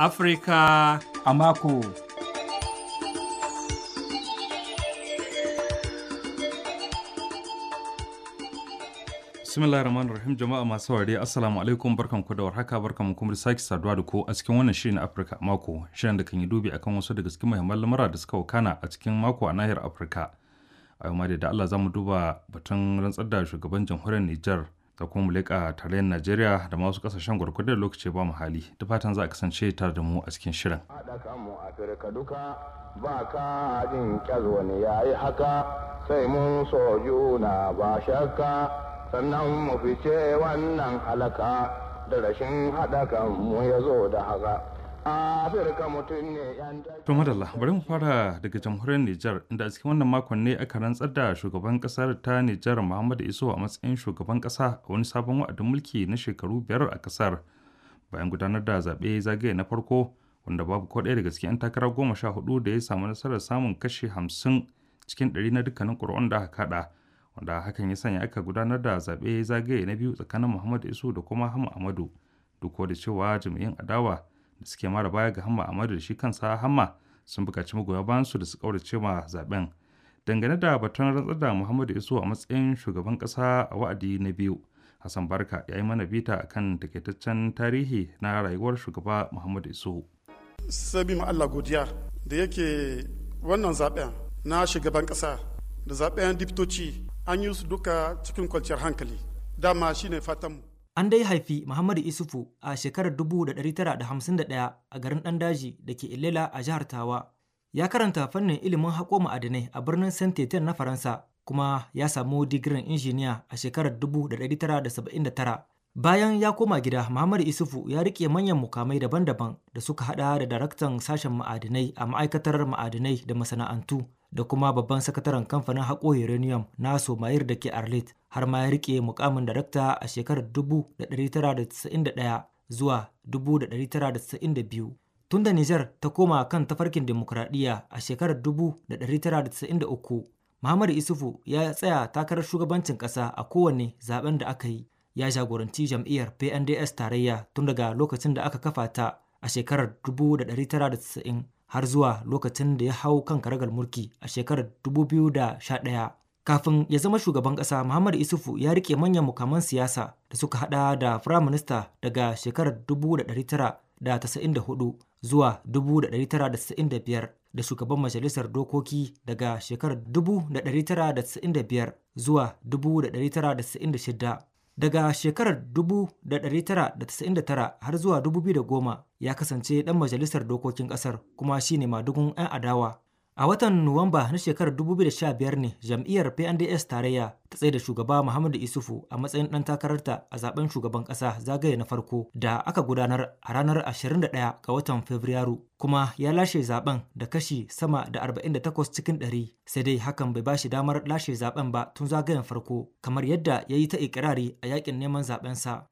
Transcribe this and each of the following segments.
Afirka a mako. Bismillah rahman rahim jama'a masu ware assalamu alaikum barkan ku da warhaka barkan mu kuma sake saduwa da ko a cikin wannan shirin Afirka mako shirin da kan yi dubi akan wasu daga cikin muhimman lamura da suka wakana a cikin mako a nahiyar Afirka a yau da Allah za mu duba batun rantsar da shugaban jamhuriyar Nijar da kuma mu leƙa tarayyar Najeriya da masu kasashen gwargwadon lokaci ba mu hali da fatan za a kasance tare da mu a cikin shirin. Haɗa kanmu Afirka duka ba ka jin ƙyar wani ya yi haka sai mun so juna ba shakka sannan mu fice wannan halaka da rashin haɗa kanmu ya zo da haka. To madalla bari mu fara daga jamhuriyar Nijar inda a cikin wannan makon ne aka rantsar da shugaban kasar ta Nijar Muhammadu Iso a matsayin shugaban kasa a wani sabon wa'adin mulki na shekaru biyar a kasar bayan gudanar da zaɓe zagaye na farko wanda babu ko ɗaya daga cikin 'yan takara goma sha hudu da ya samu nasarar samun kashi hamsin cikin ɗari na dukkanin ƙuri'un da aka kaɗa wanda hakan ya sanya aka gudanar da zaɓe zagaye na biyu tsakanin Muhammadu Iso da kuma Hama Amadu duk da cewa jami'in adawa da suke mara baya ga hamma amadu da shi kansa hamma sun bukaci magoya su da su kaurace ma zaben dangane da batun rantsar da muhammadu iso a matsayin shugaban kasa a wa'adi na biyu hassan barka ya yi mana bita a kan takaitaccen tarihi na rayuwar shugaba muhammadu iso sabi ma allah godiya da yake wannan zaben na shugaban kasa da zaben diptoci an yi su duka cikin kwanciyar hankali dama shine fatanmu An dai haifi Muhammadu Isufu a shekarar 1951 a garin ɗan daji da ke Ilela a jihar Tawa. Ya karanta fannin ilimin haƙo ma'adinai a birnin Saint-Étienne na Faransa kuma ya samu digirin injiniya a shekarar 1979. Bayan ya koma gida, Muhammadu Isufu ya riƙe manyan mukamai daban-daban da suka haɗa da daraktan sashen ma'adinai a ma'aikatar ma'adinai da masana'antu da kuma babban sakataren kamfanin haƙo uranium na Somayir da ke Arlit. har ma ya rike mukamin darakta a shekarar 1991 zuwa 1992 tunda Nijar ta koma kan tafarkin demokradiyya a shekarar 1993 Muhammadu Isufu ya tsaya takarar shugabancin ƙasa a kowane zaben da aka yi ya jagoranci jam'iyyar PNDS tarayya tun daga lokacin da aka kafa ta a shekarar 1990 har zuwa lokacin da ya hau kan karagar mulki a shekarar 2011 Kafin ya zama shugaban ƙasa, Muhammad Isufu ya rike manyan mukaman siyasa da suka hada da Firayim Minista daga shekarar 1994 zuwa 1995 da shugaban Majalisar Dokoki daga shekarar 1995 zuwa 1996. Daga shekarar 1999 har zuwa 2010 ya kasance ɗan majalisar dokokin ƙasar kuma shi shine madugun 'yan adawa A watan Nuwamba na shekarar 2015 ne jam'iyyar PNDS tarayya ta tsaye da shugaba Muhammadu Isufu a matsayin ɗan takararta a zaben shugaban ƙasa zagaye na farko da aka gudanar a ranar 21 ga watan Fabrairu kuma ya lashe zaben da kashi sama da 48 cikin 100 sai dai hakan bai bashi damar lashe zaben ba tun zagayen farko kamar yadda ya yi ta ikirari a yakin neman sa.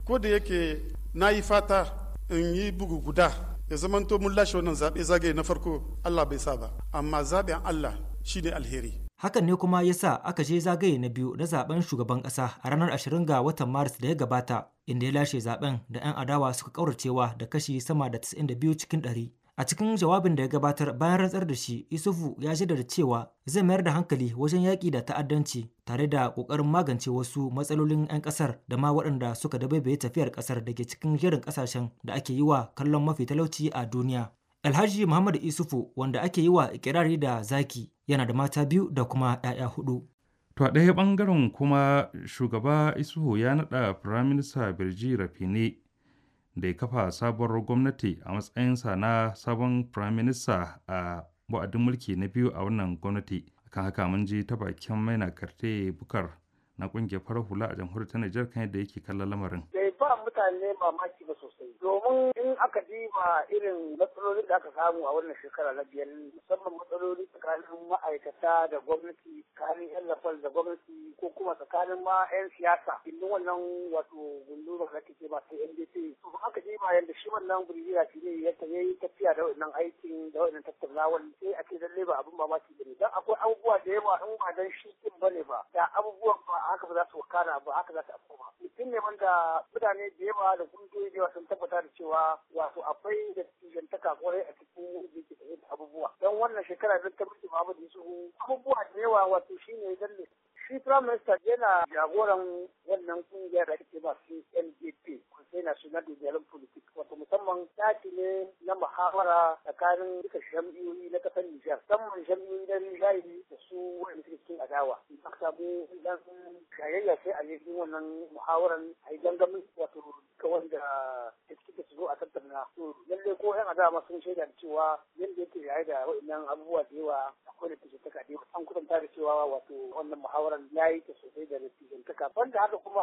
Ko da yake na yi fata in yi bugu guda ya zamanto mun lashe wannan zaɓe zagaye na farko Allah bai sa ba amma zaɓen Allah shine alheri hakan ne kuma ya sa aka je zagaye na biyu na zaben shugaban ƙasa a ranar 20 ga watan maris da ya gabata inda ya lashe zaben da 'yan adawa suka kauracewa da kashi sama da 92 cikin 100 A cikin jawabin da ya gabatar bayan rantsar da shi, Isufu ya da cewa zai mayar da hankali wajen yaƙi da ta'addanci tare da ƙoƙarin magance wasu matsalolin 'yan ƙasar da ma waɗanda suka dabaibaye tafiyar ƙasar da cikin jerin ƙasashen da ake yi wa kallon mafi talauci a duniya. Alhaji Muhammad Isufu wanda ake yi wa ikirari da zaki yana da mata biyu da kuma 'ya'ya hudu. To a ɗaya ɓangaren kuma shugaba Isuhu ya naɗa Firaminista Birji Rafine da ya kafa sabuwar gwamnati a matsayinsa na sabon firaminista a wa'adin mulki na biyu a wannan gwamnati kan haka mun ji ta bakin maina karte bukar na kungiyar farar hula a jamhuriyar ta Nijar kan yadda yake kallon lamarin. mutane mamaki ba sosai domin in aka diba irin matsaloli da aka samu a wannan shekara na biyar musamman matsaloli tsakanin ma'aikata da gwamnati tsakanin yan lafal da gwamnati ko kuma tsakanin ma yan siyasa indin wannan wato gundura da kake ba sai NDP to aka diba yadda shi wannan birgiya shi ne yadda ya yi tafiya da wannan aikin da wannan tattaunawar sai a ce lalle ba abin ba maki ba ne don akwai abubuwa da yawa in ba dan shi din bane ba da abubuwan ba haka ba za su wakana ba haka za su afko ba mutum ne wanda mutane da cewa da kungiyoyi da sun tabbata da cewa wato akwai da tijantaka kwarai a cikin da abubuwa. Don wannan shekara don tabbaci Muhammadu Yusufu abubuwa da yawa wato shine ne Shi Prime Minister yana jagoran wannan kungiyar da ake ba su CNDP, Conseil National de Dialogue politik wato musamman taki ne na muhawara tsakanin duka jam'iyyoyi na kasar Nijar, musamman jam'iyyoyi na Nijar da su wani cikin adawa. In aka samu dan shayayya sai a yi wannan muhawaran a yi gangamin wato duka wanda ta suke su zo a tattauna. lalle ko 'yan adawa sun shaida cewa yadda yake yayi da waɗannan abubuwa da yawa akwai da take taka an kusanta da cewa wato wannan muhawarar yaron ya yi ta sosai da ban da haka kuma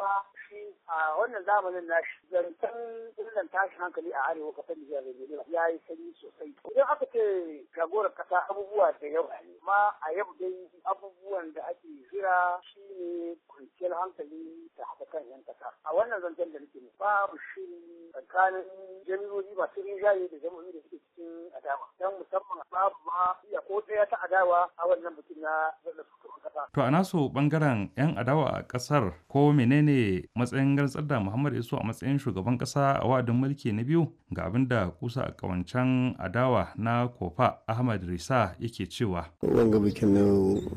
shi a wannan zamanin na shi zancen illan tashin hankali a arewa kasar Nijar da ya yi sanyi sosai idan aka ce jagorar kasa abubuwa da yawa ne amma a yau dai abubuwan da ake jira shi ne kwanciyar hankali da haka kan yan kasa a wannan zancen da nake babu shiri tsakanin jami'o'i masu rinjaye da jami'o'i da suke cikin adawa don musamman babu ma iya ko ɗaya ta adawa a wannan bikin na zaɓen shugaban kasa. To a naso bangaren 'yan adawa a kasar ko menene matsayin rantsar da muhammad isu a matsayin shugaban kasa a wa'adin mulki na biyu ga abin da kusa a kawancen adawa na kofa ahmad risa yake cewa wanga bikin na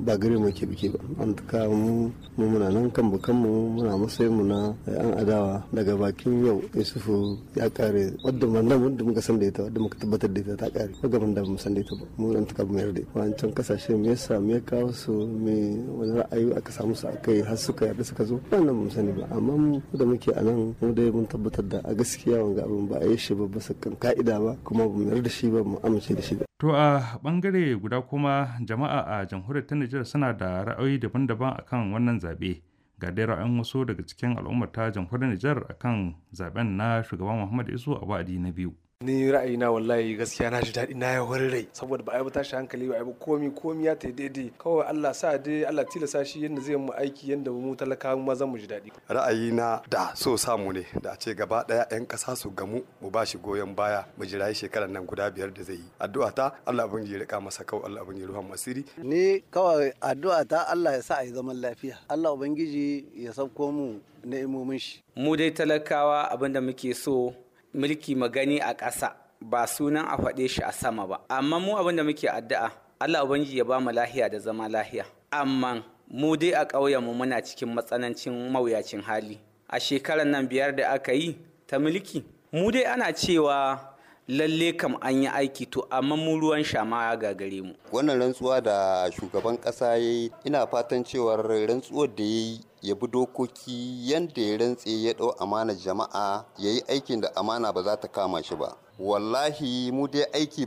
ba gare mu ke biki ba an taka mu muna nan kan bukan mu muna matsayin mu na 'yan adawa daga bakin yau yusufu ya kare wadda mandan wadda muka san da ita wadda muka tabbatar da ita ta kare ko gaban da mu san da ita ba mu an tuka mu yarda wancan kasashe me yasa me kawo su me wani ra'ayi aka samu su a kai har suka yarda suka zo nan mun sani ba amma mu da muke a nan mu dai mun tabbatar da a gaskiya wanga abin ba a yi shi ba ba ka'ida ba kuma ba mu da shi ba mu amince da shi ba To a bangare guda kuma jama'a a jamhuriyar ta Nijar suna da ra'ayoyi daban-daban akan wannan zaɓe. Ga dai ra'ayin wasu daga cikin al'ummar ta jamhuriyar Nijar akan zaɓen na shugaban Muhammadu Isu a wa'adi na biyu. ni ra'ayina wallahi gaskiya na ji daɗi na ya wani rai saboda ba a yi tashi hankali ba a yi komi komi ya ta daidai kawai Allah sa dai Allah tilasa shi yadda zai mu aiki yadda mu talaka mu zan mu ji daɗi ra'ayina da so samu ne da a ce gaba ɗaya 'yan ƙasa su gamu mu ba shi goyon baya mu jira shekarar nan guda biyar da zai yi addu'a ta Allah abin ji rika masa kawai Allah abin ji ruhan masiri ni kawai addu'a ta Allah ya sa a yi zaman lafiya Allah ubangiji ya sauko mu na imomin shi mu dai talakawa abin da muke so mulki magani a ƙasa ba sunan a faɗe shi a sama ba amma mu abinda muke addu'a Allah ubangiji ya ba mu lahiya da zama lahiya amma mu dai a ƙauyenmu muna cikin matsanancin mawuyacin hali a shekarar nan biyar da aka yi ta mulki mu dai ana cewa lalle kam an yi aiki to amma mu ruwan shama ya gagare mu wannan rantsuwa da shugaban kasa ya yi ina fatan cewar rantsuwar da ya yi ya bi dokoki yadda ya rantse ya ɗau amana jama'a ya yi aikin da amana ba za ta kama shi ba wallahi mu dai aiki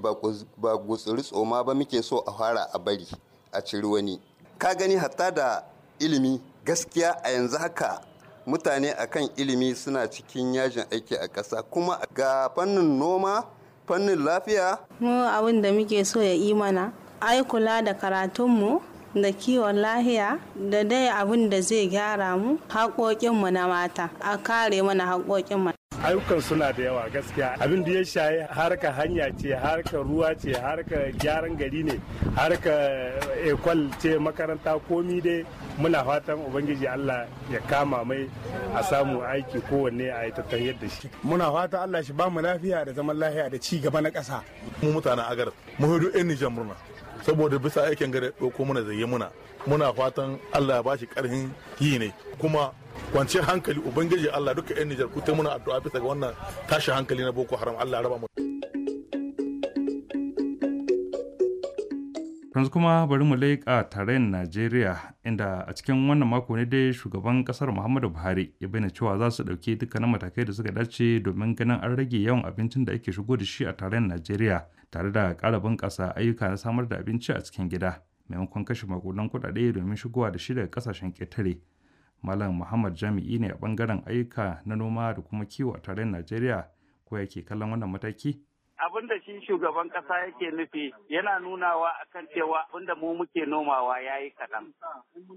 ba gutsuri tsoma ba muke so a fara a bari a ciri wani ka gani hatta da ilimi gaskiya a yanzu haka mutane a kan ilimi suna cikin yajin aiki a ƙasa kuma ga fannin noma fannin lafiya mu abin da muke so ya yi mana ai kula da karatunmu da kiwon lahiya da dai abin da zai gyara mu haƙoƙinmu na mata a kare mana haƙoƙinmu ayyukan suna da yawa gaskiya abin da ya shaye harka hanya ce harka ruwa ce harka gyaran gari ne harka ekwal ce makaranta komi dai muna fatan ubangiji allah ya kama mai a samu aiki kowanne a yi tattan yadda shi muna fata allah shi ba mu lafiya da zaman lafiya da ci gaba na kasa. mu mutanen agar mu hudu yan nijar murna saboda bisa aikin gare ɗauko muna zai muna muna fatan allah ya ba shi yi ne kuma kwanciyar hankali ubangiji Allah duka yan Nijar ku muna addu'a bisa ga wannan tashi hankali na Boko Haram Allah raba mu yanzu kuma bari mu leƙa tarayyar Najeriya inda a cikin wannan mako ne dai shugaban ƙasar Muhammadu Buhari ya bayyana cewa za su ɗauki dukkanin matakai da suka dace domin ganin an rage yawan abincin da ake shigo da shi a tarayyar Najeriya tare da ƙara bunƙasa ayyuka na samar da abinci a cikin gida maimakon kashe makudan kuɗaɗe domin shigowa da shi daga ƙasashen ƙetare. Malam Muhammad jami'i ne a ɓangaren ayyuka na noma da kuma kiwo a tarayyar Najeriya ko yake kallon wannan mataki? abin da shi shugaban kasa yake nufi yana nunawa akan cewa abin da mu muke nomawa ya yi kaɗan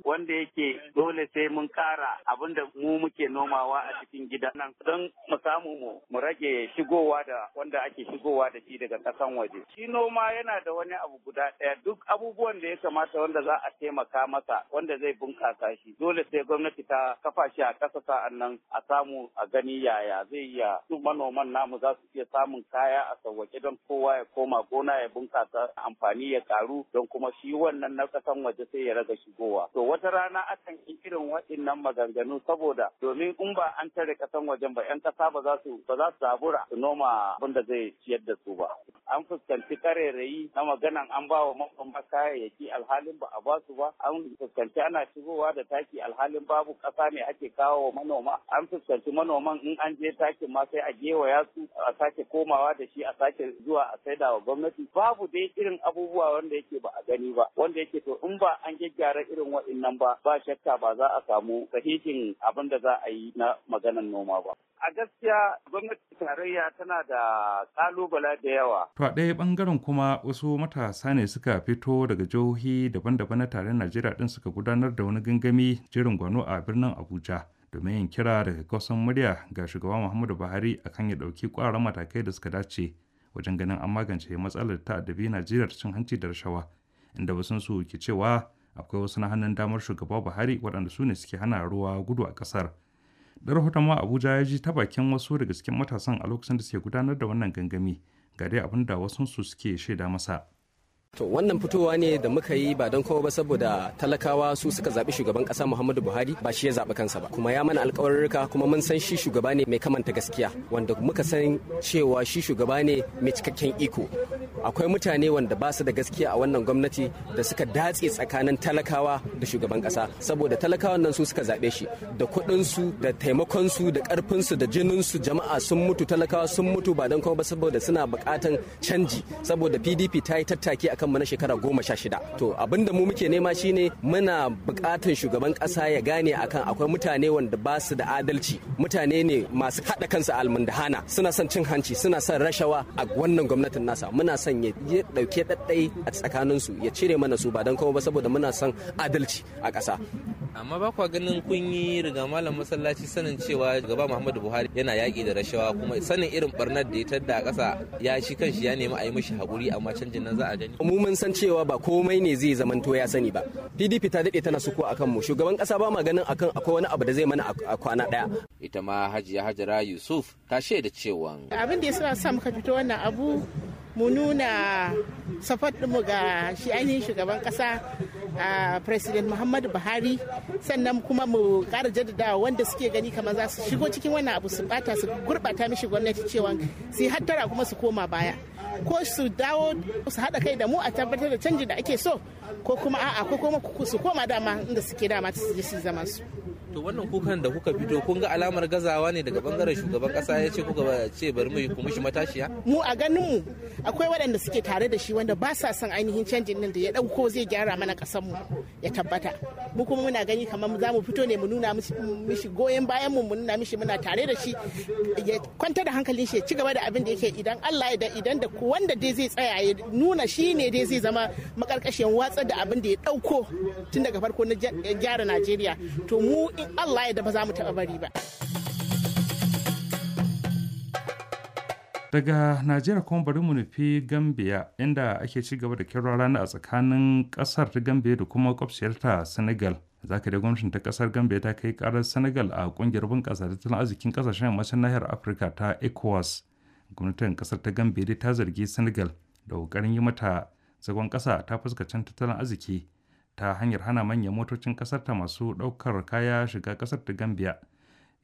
wanda yake dole sai mun ƙara abin da mu muke nomawa a cikin gida nan don mu samu mu mu rage shigowa da wanda ake shigowa da shi daga ƙasan waje shi noma yana da wani abu guda ɗaya duk abubuwan da ya kamata wanda za a taimaka masa wanda zai bunƙasa shi dole sai gwamnati ta kafa shi a ƙasa sa'an nan a samu a gani yaya zai iya su manoman namu za su iya samun kaya a sauwaƙe don kowa ya koma gona ya bunƙasa amfani ya karu don kuma shi wannan na kasan waje sai ya raga shigowa. To wata rana akan yi irin waɗannan maganganu saboda domin in ba an tare ƙasan wajen ba 'yan ƙasa ba za su ba su zabura su noma abin da zai ciyar da su ba. An fuskanci karerayi na maganan an ba wa ya kayayyaki alhalin ba a ba su ba. An fuskanci ana shigowa da taki alhalin babu ƙasa ne ake kawo wa manoma. An fuskanci manoman in an je takin ma sai a ya su a sake komawa da shi a sake zuwa a saida wa gwamnati babu dai irin abubuwa wanda yake ba a gani ba wanda yake to in ba an gyaggyara irin waɗannan ba ba shakka ba za a samu sahihin abin da za a yi na maganan noma ba. A gaskiya gwamnati tarayya tana da kalubala da yawa. To a ɗaya ɓangaren kuma wasu matasa ne suka fito daga jihohi daban-daban na tarayyar Najeriya ɗin suka gudanar da wani gangami jirin gwano a birnin Abuja. domin yin kira daga kusan murya ga shugaba Muhammadu Buhari akan ya ɗauki ƙwararren matakai da suka dace wajen ganin an magance matsalar ta adabi najeriya ta cin hanci da rashawa inda wasu su ke cewa akwai wasu na hannun damar shugaba buhari waɗanda su ne suke hana ruwa gudu a ƙasar da rahoton ma abuja ya ji ta bakin wasu daga cikin matasan a lokacin da suke gudanar da wannan gangami ga dai abin da wasu su suke shaida masa To wannan fitowa ne da muka yi ba don kowa ba saboda talakawa su suka zaɓi shugaban ƙasa Muhammadu Buhari ba shi ya zaɓi kansa ba. Kuma ya mana alƙawarurruka kuma mun san shi shugaba ne mai kamanta gaskiya wanda muka san cewa shi shugaba ne mai cikakken iko. Akwai mutane wanda ba su da gaskiya a wannan gwamnati da suka datse tsakanin talakawa da shugaban ƙasa saboda talakawan nan su suka zaɓe shi da kuɗinsu da taimakonsu da ƙarfinsu da jininsu jama'a sun mutu talakawa sun mutu ba don kowa ba saboda suna buƙatan canji saboda PDP ta yi tattaki a kanmu na shekara goma sha shida to abinda mu muke nema shine muna bukatar shugaban kasa ya gane akan akwai mutane wanda ba su da adalci mutane ne masu haɗa kansu almundahana suna son cin hanci suna son rashawa a wannan gwamnatin nasa muna son ya ɗauke ɗaɗɗai a tsakaninsu ya cire mana su ba don kuma ba saboda muna son adalci a ƙasa amma ba kwa ganin kun yi riga malam masallaci sanin cewa gaba muhammadu buhari yana yaƙi da rashawa kuma sanin irin barnar da ya tadda a ƙasa ya shi kanshi ya nemi a yi mishi haƙuri amma canjin nan za a gani. mu mun san cewa ba komai ne zai zamanto ya sani ba pdp ta daɗe tana sukuwa akan mu shugaban ƙasa ba ma ganin akan akwai wani abu da zai mana a kwana ɗaya. ita ma hajiya hajara yusuf ta shaida cewa. abin da ya sa sa muka fito wannan abu mu nuna safar mu ga shi ainihin shugaban ƙasa a president muhammadu buhari sannan kuma mu kara jaddadawa wanda suke gani kamar za su shigo cikin wannan abu su bata su gurbata mishi gwamnati cewa su hattara kuma su koma baya ko su dawo su haɗa kai da mu a tabbatar da canji da ake so ko kuma a'a ko kuma su koma dama inda suke dama su je su zama su to wannan kukan da kuka fito kun ga alamar gazawa ne daga bangaren shugaban kasa ya ce kuka ce bari mu yi kuma shi matashiya mu a ganin mu akwai waɗanda suke tare da shi wanda ba sa son ainihin canjin nan da ya dauko zai gyara mana kasar mu ya tabbata mu kuma muna gani kamar za mu fito ne mu nuna mishi goyon bayan mu mu nuna mishi muna tare da shi ya kwanta da hankalin shi ya ci gaba da abin da yake idan Allah ya idan da wanda dai zai tsaya ya nuna shi ne dai zai zama makarkashin watsa da abin da ya dauko tun daga farko na gyara Najeriya to mu in Allah ya da ba za mu taɓa bari ba. Daga Najeriya kuma bari mu nufi Gambia inda ake ci gaba da kira rana a tsakanin kasar ta Gambia da kuma ta Senegal. Zaka da gwamnatin ta kasar Gambia ta kai karar Senegal a kungiyar bunƙasa tattalin arzikin kasashen yammacin nahiyar Afirka ta ECOWAS. Gwamnatin ƙasar ta Gambia ta zargi Senegal da ƙoƙarin yi mata zagon ƙasa ta fuskacin tattalin arziki ta hanyar hana manyan motocin kasar ta masu ɗaukar kaya shiga kasar ta gambia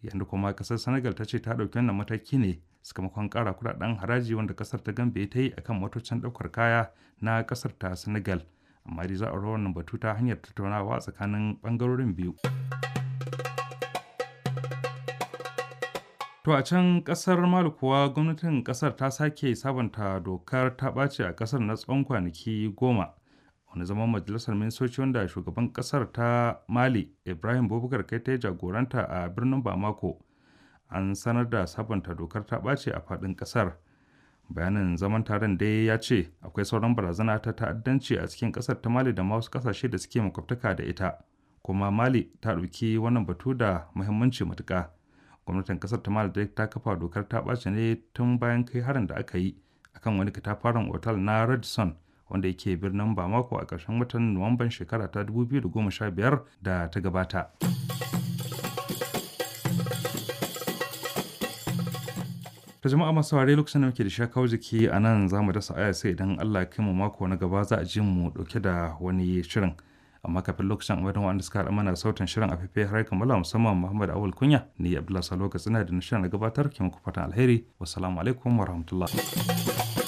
yadda kuma kasar senegal ta ce ta ɗauki wannan mataki ne sakamakon ƙara kudaden haraji wanda kasar ta gambia ta yi akan motocin ɗaukar kaya na kasar ta senegal amma dai za a wannan batu ta hanyar tattaunawa tsakanin ɓangarorin biyu To a can kasar Mali kuwa gwamnatin kasar ta sake sabanta dokar ta ɓace a kasar na tsawon kwanaki goma na zama majalisar ministoci wanda shugaban kasar ta mali ibrahim bubakar kai ta jagoranta a birnin bamako an sanar da sabanta dokar ta ɓace a faɗin ƙasar bayanin zaman taron dai ya ce akwai sauran barazana ta ta'addanci a cikin ƙasar ta mali da ma wasu ƙasashe da suke makwabtaka da ita kuma mali ta ɗauki wannan batu da muhimmanci matuka gwamnatin ƙasar ta mali ta kafa dokar ta ɓace ne tun bayan kai harin da aka yi akan wani katafaren otal na radisson wanda yake birnin Bamako a ƙarshen watan Nuwamban shekara ta 2015 da ta gabata. ta jama'a masu ware lokacin da muke da shakau jiki a nan za mu dasa aya sai idan Allah ya mu mako na gaba za a ji mu dauke da wani shirin amma kafin lokacin a madan wanda suka mana sautin shirin a fefe har kammala musamman Muhammad Awul Kunya ne Abdullahi Salo tsina da na shirin gabatar ke muku fatan alheri wassalamu alaikum warahmatullahi